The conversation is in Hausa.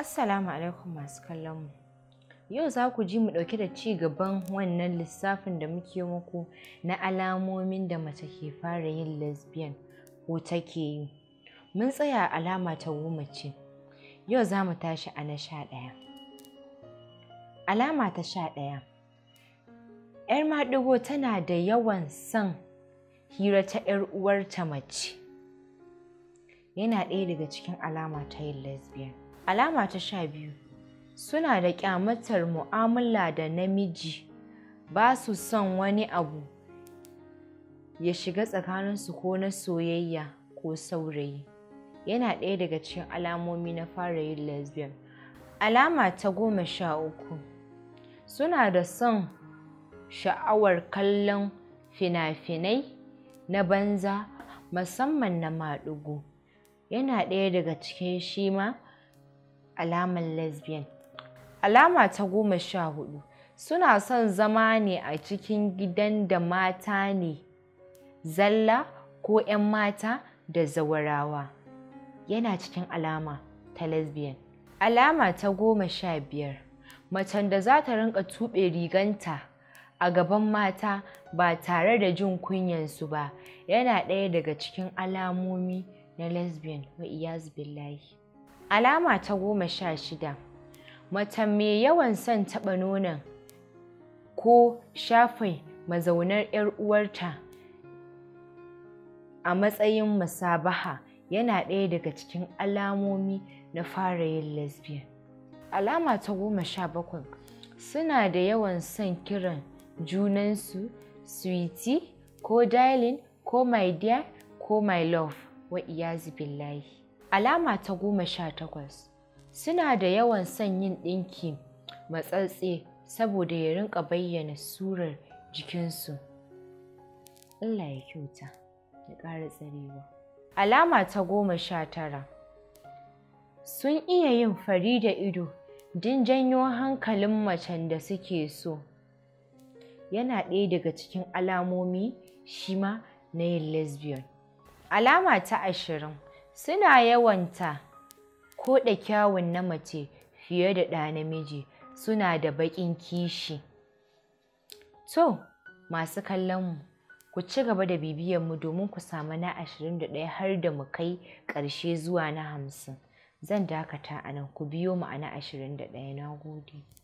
Assalamu alaikum masu kallon mu. Yau za ku ji mu ɗauke da ci gaban wannan lissafin da muke muku na alamomin da mace ke fara yin lesbian ko take yi. Mun tsaya alama ta goma ce. Yau za mu tashi a na sha ɗaya. Alama ta sha ɗaya. ‘Yar maɗigo tana da yawan son hira ta ‘yar uwarta mace. Yana ɗaya daga cikin alama ta yin lesbian. Alama ta sha biyu suna da ƙyamatar mu'amala da namiji ba su son wani abu ya shiga tsakaninsu ko na soyayya ko saurayi yana ɗaya daga cikin alamomi na fara yin lesbian alama ta goma sha uku suna da son sha'awar kallon fina-finai na banza musamman na maɗugo yana ɗaya daga cikin shima alamar lesbian. Alama ta goma sha hudu suna son zama ne a cikin gidan da mata ne zalla ko 'yan mata da zawarawa yana cikin alama ta lesbian. Alama ta goma sha biyar macen da za ta rinka tuɓe riganta a gaban mata ba tare da jin kunyansu ba yana ɗaya daga cikin alamomi na lesbian wa billahi. Alama ta goma sha shida. Mace mai yawan son taɓa nonon ko shafin mazaunar 'yar uwarta a matsayin musabaha yana ɗaya daga cikin alamomi na fara yin lesbian. Alama ta goma sha bakwai suna da yawan son kiran junansu sweetie ko darling ko my dear ko my love wa iyazi billahi. Alama ta goma sha takwas suna da yawan son yin ɗinki matsatse saboda ya rinka bayyana surar jikinsu. Allah ya kyauta ya ƙara tsarewa. Alama ta goma sha tara sun iya yin fari da ido din janyo hankalin macen da suke so. Yana ɗaya daga cikin alamomi shima na yin lesbian. Alama ta ashirin suna yawanta ko da kyawun na mace fiye da ɗa namiji suna da baƙin kishi. To, masu kallonmu, ku ci gaba da bibiyanmu domin ku samu na 21 har da mu kai ƙarshe zuwa na 50. Zan dakata anan ku biyo mu a na 21 na gode.